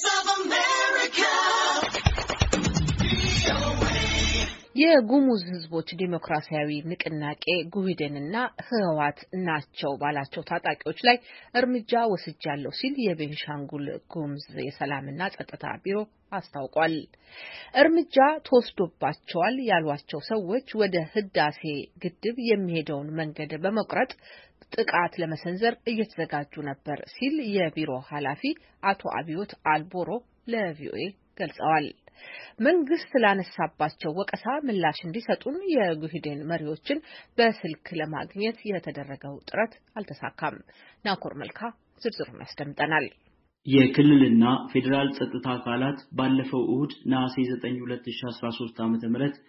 voice የጉሙዝ ሕዝቦች ዲሞክራሲያዊ ንቅናቄ ጉሂደንና ህወሓት ናቸው ባላቸው ታጣቂዎች ላይ እርምጃ ወስጃለሁ ሲል የቤንሻንጉል ጉሙዝ የሰላምና ጸጥታ ቢሮ አስታውቋል። እርምጃ ተወስዶባቸዋል ያሏቸው ሰዎች ወደ ህዳሴ ግድብ የሚሄደውን መንገድ በመቁረጥ ጥቃት ለመሰንዘር እየተዘጋጁ ነበር ሲል የቢሮ ኃላፊ አቶ አብዮት አልቦሮ ለቪኦኤ ገልጸዋል። መንግስት ላነሳባቸው ወቀሳ ምላሽ እንዲሰጡን የጉሂዴን መሪዎችን በስልክ ለማግኘት የተደረገው ጥረት አልተሳካም። ናኮር መልካ ዝርዝሩን ያስደምጠናል። የክልልና ፌዴራል ጸጥታ አካላት ባለፈው እሁድ ነሐሴ 9 2013 ዓ.ም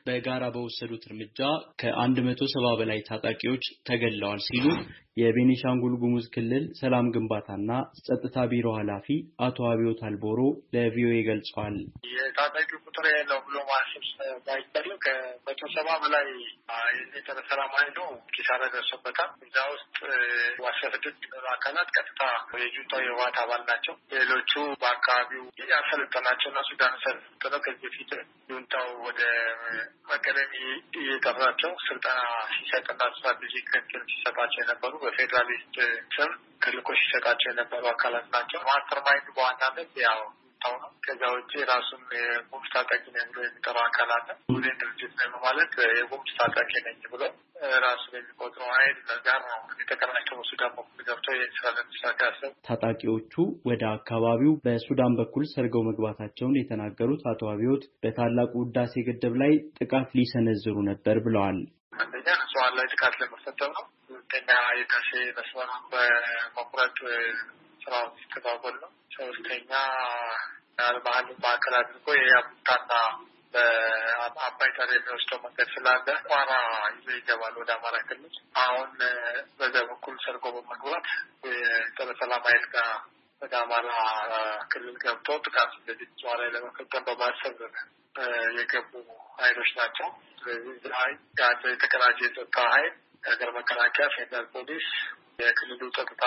በጋራ በወሰዱት እርምጃ ከ170 በላይ ታጣቂዎች ተገለዋል ሲሉ የቤኒሻንጉል ጉሙዝ ክልል ሰላም ግንባታና ጸጥታ ቢሮ ኃላፊ አቶ አብዮት አልቦሮ ለቪኦኤ ገልጸዋል። የታጣቂ ቁጥር የለው ብሎ ማሰብ ባይቻልም ከመቶ ሰባ በላይ የሚጠረ ሰላማዊ ነው ኪሳራ ደርሶበታል። እዛ ውስጥ አስራ ስድስት አካላት ቀጥታ የጁንታው የህወሓት አባል ናቸው። ሌሎቹ በአካባቢው ያሰለጠናቸው እና ሱዳን ሰለጠነው ከዚህ በፊት ጁንታው ወደ መቀለም እየጠራቸው ስልጠና ሲሰጥና ስትራቴጂክ ክትል ሲሰጣቸው የነበሩ በፌዴራሊስት ስም ክልኮች ሲሰጣቸው የነበሩ አካላት ናቸው። ማስተር ማይንድ በዋናነት ያው የሚታወ ነው። ከዚያ ውጭ ራሱን የጉምዝ ታጣቂ ነኝ ብሎ የሚጠራው አካላት ነው። ሁሌ ድርጅት ነው ማለት የጉምዝ ታጣቂ ነኝ ብሎ ራሱን የሚቆጥረው ኃይል ጋር ነው የተቀናቸው በሱዳን በኩል ገብቶ የስራ ለሚሳካሰብ ታጣቂዎቹ ወደ አካባቢው በሱዳን በኩል ሰርገው መግባታቸውን የተናገሩት አቶ አብዮት በታላቁ ህዳሴ ግድብ ላይ ጥቃት ሊሰነዝሩ ነበር ብለዋል። አንደኛ ንጹሐን ላይ ጥቃት ለመፈጸም ነው። ሁለተኛ የካሴ መስመር በመቁረጥ ስራ ሲተጓጎል ነው። ሶስተኛ ባህል ማዕከል አድርጎ የአቡታና በአባይ ጠር የሚወስደው መንገድ ስላለ ቋራ ይዞ ይገባል ወደ አማራ ክልል። አሁን በዛ በኩል ሰርጎ በመግባት የጸረ ሰላም ኃይል ጋር ወደ አማራ ክልል ገብቶ ጥቃት እንደዚህ ጨዋ ላይ ለመፈጸም በማሰብ የገቡ ኃይሎች ናቸው። ስለዚህ የተቀናጀ የጸጥታ ኃይል የሀገር መከላከያ፣ ፌዴራል ፖሊስ፣ የክልሉ ጸጥታ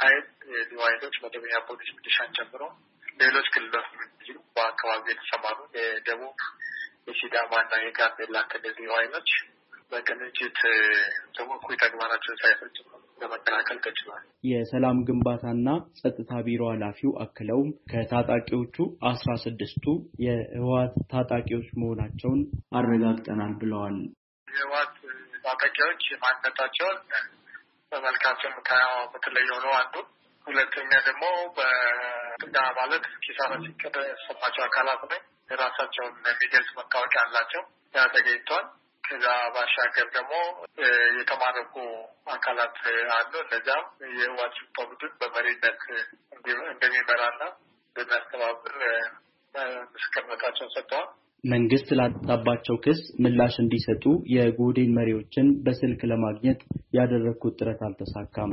ኃይል፣ የልዩ ኃይሎች መደበኛ ፖሊስ ሚሊሻን ጨምሮ ሌሎች ክልሎች በአካባቢ የተሰማሩ የደቡብ የሲዳማና የጋምቤላ ክልል ልዩ ኃይሎች በቅንጅት ተሞኩ ተግባራቸውን ሳይፈጽሙ ለመከላከል ተችሏል። የሰላም ግንባታና ጸጥታ ቢሮ ኃላፊው አክለውም ከታጣቂዎቹ አስራ ስድስቱ የህወሀት ታጣቂዎች መሆናቸውን አረጋግጠናል ብለዋል። የህወሀት ማጠቂያዎች ማንነታቸውን በመልካቸው የምታየው በተለይ የሆነው አንዱ ሁለተኛ ደግሞ በዳ ማለት ኪሳራ ሲደርስባቸው አካላት ነ የራሳቸውን የሚገልጽ መታወቂያ አላቸው። ያ ተገኝቷል። ከዛ ባሻገር ደግሞ የተማረኩ አካላት አሉ። እነዚያም የዋሽንግተን ቡድን በመሪነት እንደሚመራና እንደሚያስተባብር ምስክርነታቸውን ሰጥተዋል። መንግስት ላጣባቸው ክስ ምላሽ እንዲሰጡ የጉዴን መሪዎችን በስልክ ለማግኘት ያደረግኩት ጥረት አልተሳካም።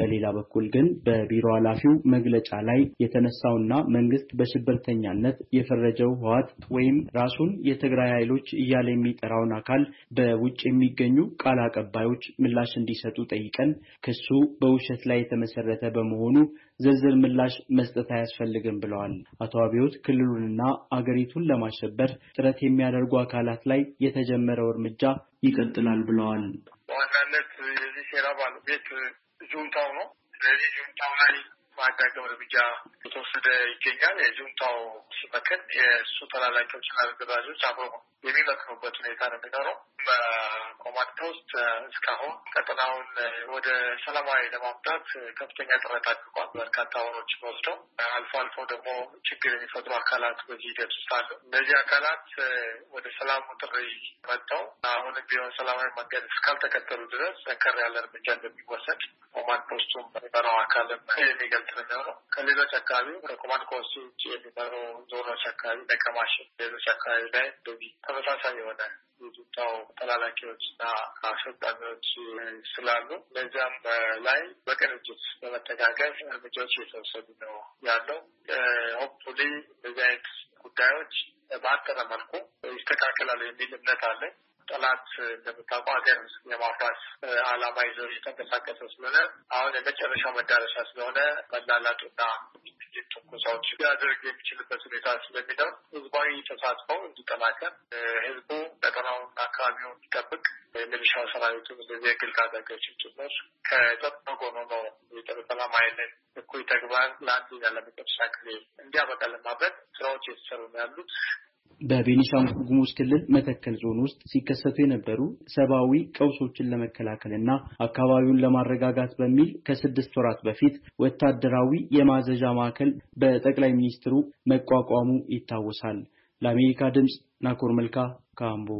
በሌላ በኩል ግን በቢሮ ኃላፊው መግለጫ ላይ የተነሳውና መንግስት በሽብርተኛነት የፈረጀው ህወሓት ወይም ራሱን የትግራይ ኃይሎች እያለ የሚጠራውን አካል በውጭ የሚገኙ ቃል አቀባዮች ምላሽ እንዲሰጡ ጠይቀን ክሱ በውሸት ላይ የተመሰረተ በመሆኑ ዝርዝር ምላሽ መስጠት አያስፈልግም ብለዋል። አቶ አብዮት ክልሉንና አገሪቱን ለማሸበር ጥረት የሚያደርጉ አካላት ላይ የተጀመረው እርምጃ ይቀጥላል ብለዋል። በዋናነት የዚህ ሴራ ባለቤት ጁንታው ነው። ስለዚህ ጁንታው ላይ ማዳገም እርምጃ የተወሰደ ይገኛል። የጁንታው ሲመክን የእሱ ተላላኪዎች ና አገዛዦች አብሮ የሚመክኑበት ሁኔታ ነው የሚኖረው። በኮማንዶ ውስጥ እስካሁን ቀጠናውን ወደ ሰላማዊ ለማምጣት ከፍተኛ ጥረት አድርጓል። በርካታ ወሮች ወስደው አልፎ አልፎ ደግሞ ችግር የሚፈጥሩ አካላት በዚህ ሂደት ውስጥ አሉ። እነዚህ አካላት ወደ ሰላሙ ጥሪ መጥተው አሁን ቢሆን ሰላማዊ መንገድ እስካልተከተሉ ድረስ ጠንከር ያለ እርምጃ እንደሚወሰድ ኮማንድ ፖስቱም የሚመራው አካልም የሚገልጽ የተፈጠረው ነው። ከሌሎች አካባቢ ከኮማንድ ፖስት ውጭ የሚመሩ ዞኖች አካባቢ ደቀማሽ፣ ሌሎች አካባቢ ላይ እንደዚህ ተመሳሳይ የሆነ የኢትዮጵያው ተላላኪዎች እና አሰልጣኞች ስላሉ በዚያም ላይ በቅንጅት በመተጋገዝ እርምጃዎች እየተወሰዱ ነው ያለው። ሆፕፉሊ እንደዚህ አይነት ጉዳዮች በአጠረ መልኩ ይስተካከላል የሚል እምነት አለን። ጠላት እንደምታውቀው ሀገር የማፍራት አላማ ይዞ የተንቀሳቀሰ ስለሆነ አሁን የመጨረሻው መዳረሻ ስለሆነ መላላጡና ትንኮሳዎች ሊያደርግ የሚችልበት ሁኔታ ስለሚለው ህዝባዊ ተሳትፎው እንዲጠናከር ህዝቡ ቀጠናውን አካባቢውን እንዲጠብቅ የሚሊሻ ሰራዊቱ እንደዚህ የግል ታጣቂዎችን ጭምር ከጸጥታ ጎን ሆኖ የጠበጠላ ሰላም እኩይ ተግባር ለአንድ ያለመጨረሻ ጊዜ እንዲያበቃ ለማድረግ ስራዎች የተሰሩ ነው ያሉት። በቤኒሻንጉል ጉሙዝ ክልል መተከል ዞን ውስጥ ሲከሰቱ የነበሩ ሰብአዊ ቀውሶችን ለመከላከልና አካባቢውን ለማረጋጋት በሚል ከስድስት ወራት በፊት ወታደራዊ የማዘዣ ማዕከል በጠቅላይ ሚኒስትሩ መቋቋሙ ይታወሳል። ለአሜሪካ ድምፅ ናኮር መልካ ካምቦ